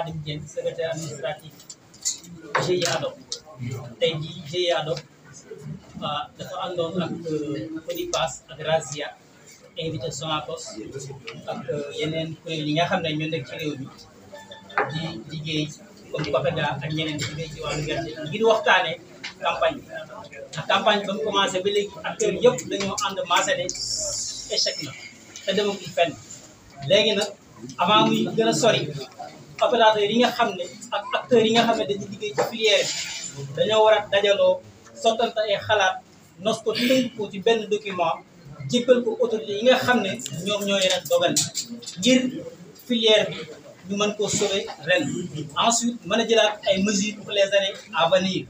Khadim Diène secrétaire administratif GIE Adob tey jii GIE ah, dafa àndoon ak Codipass euh, ak Razia invité Sonacos ak euh, yeneen kuréel yi nga xam ne ñoo nekk ci réew mi di liggéey comme COPEGA ak ñeneen di liggéey ci wàllu gerte bi ndax campagne ba mu ba léegi acteurs yëpp dañoo ànd maase ne échec na te demagul fenn léegi nag avant muy gën sori opérateurs yi nga xam ne ak acteurs yi nga xam ne dañu liggéey ci bi dañoo war a dajaloo sottante ay xalaat nos ko tënk ko ci benn document jéppal ko autorités yi nga xam ne ñoom ñoo yore dogal ngir filière bi ñu mën ko sauver ren ensuite mën a jëlaat ay mesures pour les années à venir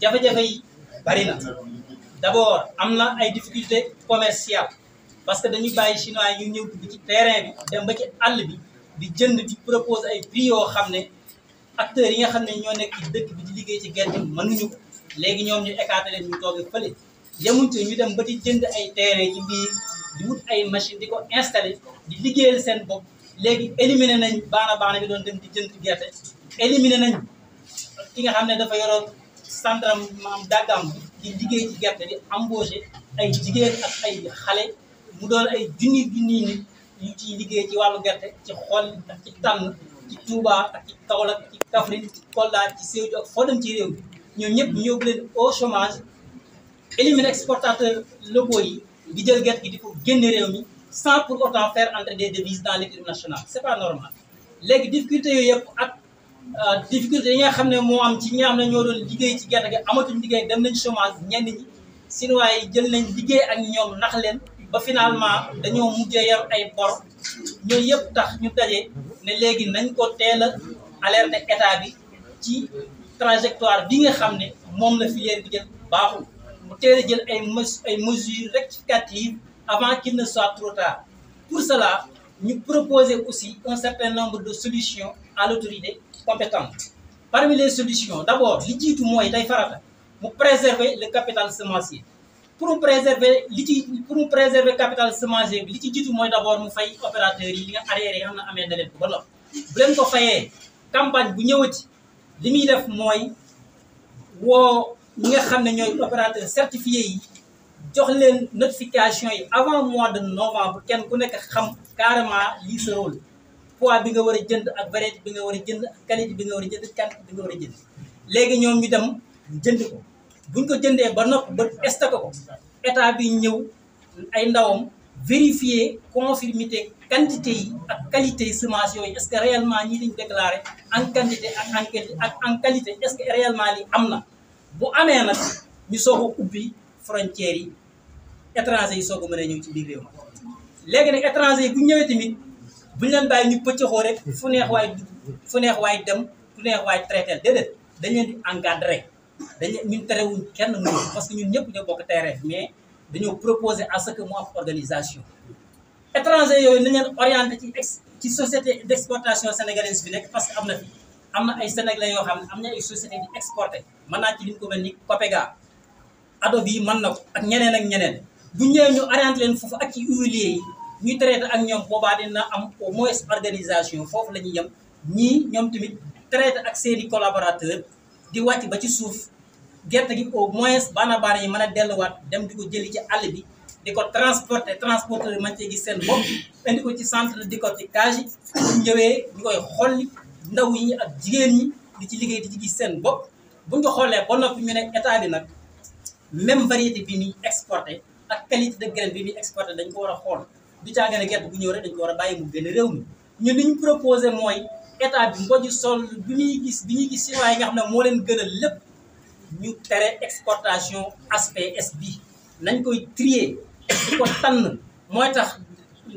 jafe-jafe yi bari na d'abord am na ay difficultés commerciales parce que dañuy bàyyi chinois yi ñu ñëw dugg ci terrain bi dem ba ci àll bi di jënd di propose ay prix yoo xam ne acteurs yi nga xam ne ñoo nekk ci dëkk bi di liggéey ci gerte mënuñu ko léegi ñoom ñu écarté leen ñu toogee fële yemuñ ci ñu dem ba di jënd ay terrain ci biir di wut ay machine di ko installé di liggéeyal seen bopp léegi éliminé nañ baana baana bi doon dem di jënd gerte éliminé nañ ki nga xam ne dafa yoroon centre maam dàggam di liggéey ci gerte di embauché ay jigéen ak ay xale mu doon ay junni junni nit yi ciy liggéey ci wàllu gerte ci xool ak ci tànn ci Touba ak ci Kaolack ci Kaffrine ci Kolda ci Sédhiou ak foo dem ci réew ñoom ñëpp ñu yóbbu leen au chômage éliminer exportateur locaux yi di jël gerte gi di ko génne réew mi sans pour autant faire entrer des devises dans l'économie nationale c'est pas normal léegi difficulté yooyu yëpp ak euh, difficulté yi nga xam ne moo am ci ñi nga ne ñoo doon liggéey ci gerte gi amatuñ liggéey dem nañ chomage ñenn ñi sinuwaay jël nañ liggéey ak ñoom nax leen ba finalement dañoo mujjee yar ay bor ñooyu yëpp tax ñu daje ne léegi nañ ko teel a alerte état bi ci trajectoire bi nga xam ne moom la filière bi jël baaxul mu teel a jël ay ay mesures rectificatives avant qu'il ne soit trop tard pour cela ñu proposer aussi un certain nombre de solutions à l'autorité compétente parmi les solutions d'abord li jiitu mooy day farata mu préserver le capital semencier pour mu préserver li ci pour mu préserver capital semencier bi li ci jiitu mooy d' abord mu fay opérateurs yi li nga arrière yi nga xam amee na leen ko ba lool bu leen ko fayee campagne bu ñëwati li muy def mooy woo ñi nga xam ne ñooy opérateur certifiés yi jox leen notification yi avant mois de novembre kenn ku nekk xam carrément lii sa rôle poids bi nga war a jënd ak variété bi nga war a jënd ak bi nga war a jënd ak quantité nga war a jënd léegi ñoom ñu dem jënd ko. buñ ko jëndee ba nopp ba stocké ko état bi ñëw ay ndawam vérifier conformité quantité yi ak qualité yi semence yooyu est-ce que réelement ñi liñ déclaré en quantité ak en qualité est-ce que réellement li am na bu amee nag ñu soog a ubbi frontières yi étrangers yi soog a ñëw ci biir réew ma léegi nag étrangers yi bu ñëwee tamit buñ leen bàyyi ñu pëccëxoo rek fu neex waay fu neex waay dem fu neex waay traité déedéet dañ leen di encadré dañu ñun terewuñ kenn mu parce que ñun ñëpp ñoo bokk terrain mais dañoo proposer à ce que mu am organisation étranger yooyu na leen orienté ci ex ci société d' exportation sénégalaise bi nekk parce que am na fi am ay sénégalais yoo xam ne am na ay société di exporté mën naa ci li ko mel ni COPEGA Adobe man mën na ak ñeneen ak ñeneen bu ñëwee ñu orienté leen foofu ak ci huiliers yi ñuy traité ak ñoom boobaa dina am au moins organisation foofu la ñuy yem ñii ñoom tamit traité ak seeni collaborateur di wàcc ba ci suuf gerte gi au moins baana baana yi man a delluwaat dem di ko jëli ci àll bi di ko transporter transporteur man cee gis seen bopp indi ko ci centre de décortiquage yi buñ ñëwee ñu ndaw yi ak jigéen ñi di ci liggéey di ci gis seen bopp buñ ko xoolee ba noppi ñu ne état bi nag même variété bi muy exporté ak qualité de graine bi muy exporté dañ ko war a xool du caagee ne gerte ñëw rek dañ war a bàyyi mu gën a réew ñun li ñu proposé moool état bi mboj sol bi muy gis bi ñuy gis chinois yi nga xam ne moo leen gënal lépp ñu tere exportation asps bi nañ koy trier di ko tànn mooy tax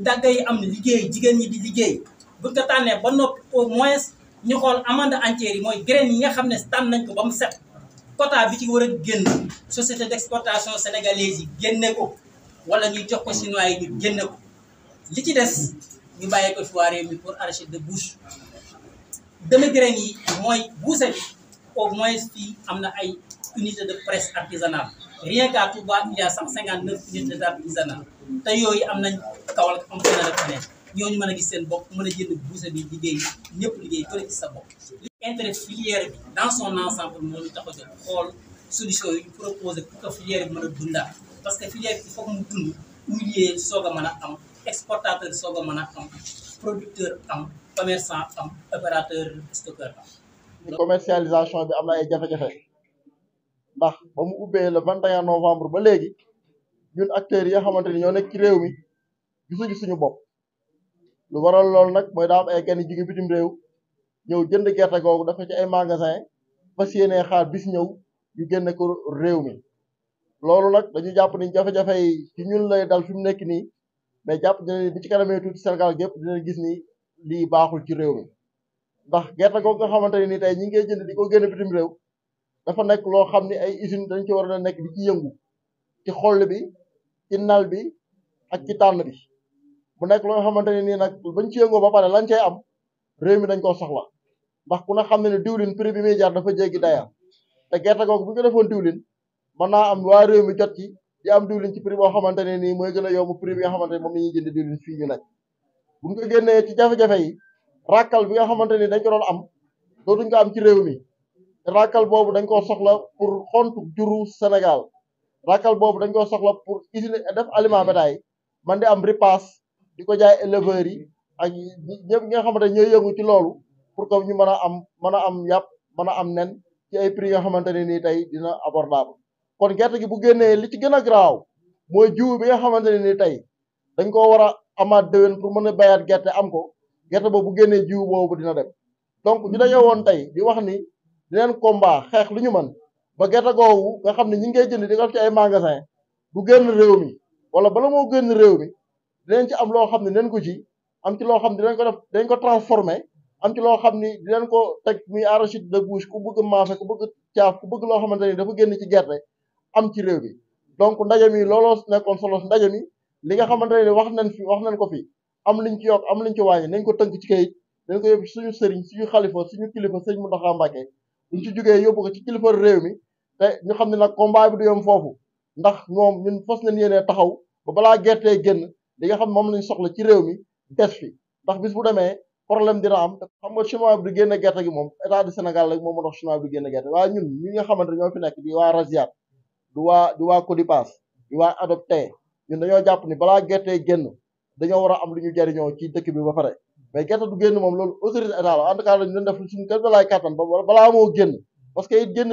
dagga yi am liggéey jigéen ñi di liggéey buñ ko tànnee ba nopp au moins ñu xool amande entière yi mooy graine yi nga xam ne tànn nañ ko ba mu set quota bi ci war a génn société d'exportation sénégalaise yi génne ko wala ñuy jox ko chinois yi ñu génne ko li ci des ñu bàyyi ko mi pour arachide de bouche dana graine yi mooy buuse bi au moins fii am na ay unité de presse artisanale rien qu'à Touba il y a cent cinquante neuf unités d'artisanat te yooyu am nañ kawal am ko na rek ñooñu mën a gis seen bopp mën a jënd bouse bi liggéey ñëpp liggéey ko ci sa bopp intérêt bi dans son ensemble moo ñu tax a xool solution yi ñu proposé pour filière bi mën a dundaat parce que filière bi foog mu dund huilier soog a mën a am exportateur soog a mën a am producteur am commerçant am opérateur stockeur am commercialisation bi am na ay jafe-jafe ndax ba mu ubbee la vingt et un novembre ba léegi ñun acteurs yi nga xamante ni ñoo nekk ci réew mi gisuñu suñu bopp lu waral loolu nag mooy daa am ay gan yu jóge bitim réew ñëw jënd gerte googu dafa ci ay magasin fas yéenee xaar bis ñëw yu génne ko réew mi loolu nag dañu jàpp ni jafe-jafe ci ñun lay dal fi mu nekk nii mais jàpp dina ni bi ci kanamee tuuti Sénégal gépp dina gis ni lii baaxul ci réew mi ndax gerte googu nga xamante ne ni tey ñi ngee koy jënd di ko génne bitim réew dafa nekk loo xam ne ay usine dañ ci war a nekk di ci yëngu ci xoll bi ci nal bi ak ci tànn bi bu nekk loo xamante ne nii nag bañ ci yëngoo ba pare lañ cay am réew mi dañ koo soxla ndax ku ne xam ne ne diwlin prix bi muy jaar dafa jéggi daya te gerte googu bu ñu ko defoon diwlin mën naa am waa réew mi jot ci di am diwlin ci prix oo xamante ne nii mooy gën a yomb prix bi nga xamante ne moom la ñuy jënd fii ñu nekk bu ñu ko ci jafe yi ràkkal bi nga xamante ni dañ ko doon am dootuñ ko am ci réew mi ràkkal boobu dañ koo soxla pour xontu juru Sénégal ràkkal boobu dañ ko soxla pour usine def aliment bétail man di am ripaas di ko jaay éleveurs yi ak ñëpp ñi nga xamante ñooy yëngu ci loolu pour que ñu mën a am mën a am yàpp mën a am nen ci ay prix yoo xamante ne nii tey dina abordable kon gerte gi bu génnee li ci gën a garaaw mooy jiw bi nga xamante ne nii tey dañ ko war a amaat déwén pour mën a bayaat gerte am ko gerte boobu bu génnee jiw boobu dina dem donc ñu dañoo woon tey di wax ni dineen combat xeex lu ñu mën ba gerte googu nga xam ne ñi ngay jënd dina ko ci ay magasin bu génn réew mi wala bala moo génn réew mi dinañ ci am loo xam ne dinañ ko ci am ci loo xam ne dinañ ko def dinañ ko transformé am ci loo xam ni dinañ ko teg muy arachide de bouche ku bëgg maafe ku bëgg caaf ku bëgg loo xamante ni dafa génn ci gerte am ci réew mi donc ndaje mi looloo nekkoon solo ndaje mi li nga xamante ne wax nañ fi wax nañ ko fi am luñ ci yokk am luñ ci wàññi nañ ko tënk ci kayit dañ ko yóbbu suñu sëriñ suñu xalifa suñu kilifa sëriñ Mountakha Mbacké buñ ci jógee yóbbu ko ci kilifa réew mi te ñu xam ne nag combat bi du yem foofu ndax moom ñun fas nañ yéenee taxaw ba balaa gerte génn li nga xam moom lañ soxla ci réew mi des fi ndax bis bu demee problème dina am te xam nga chinois bi du génne gerte gi moom état du Sénégal rek moom moo tax chinois bi génn gerte waaye ñun ñi nga xamante ñoo fi nekk di waa Rasiat du waa di waa Codipass di waa adopté ñun dañoo jàpp ni balaa gertee génn dañoo war a am lu ñu jariñoo ci dëkk bi ba pare mais gerte du génn moom loolu autorité état la en tout cas lañu leen def suñu kër balaay kattan balaa moo génn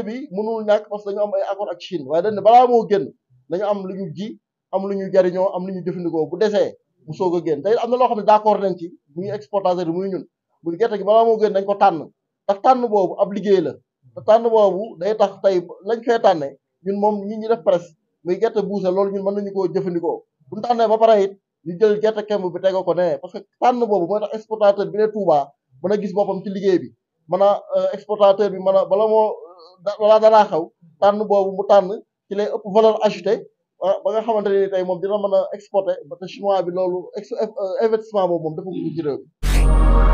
bi mënul ñàkk parce que dañu am ay accord ak Chine waaye dañ ne balaa moo génn dañu am lu ñu ji am lu ñu jariñoo am lu ñu jëfandikoo bu desee mu soog a génn tey am na loo xam ne d'accord nañ ci muy exportateur bi muy ñun bu gerte gi balaa moo génn dañ ko tànn ndax tànn boobu ab liggéey la te tànn boobu day tax tey lañ fee tànne ñun moom ñi ñu def presse muy gerte buuse loolu ñun mën nañu koo jëfandikoo buñu tànnee ba pare it ñu jël gerte kemb bi tego ko ne parce que tànn boobu mooy a exportateur bi ne Touba mën a gis boppam ci liggéey bi mën a euh, exportateur bi mën a bala moo balaa daraa xaw tànn boobu mu tànn ci lay ëpp valeur ajoutée ba nga xamante ne tey moom dina mën a exporter ba te chinois bi loolu euh, investissement boobu moom dafa gudd ci réew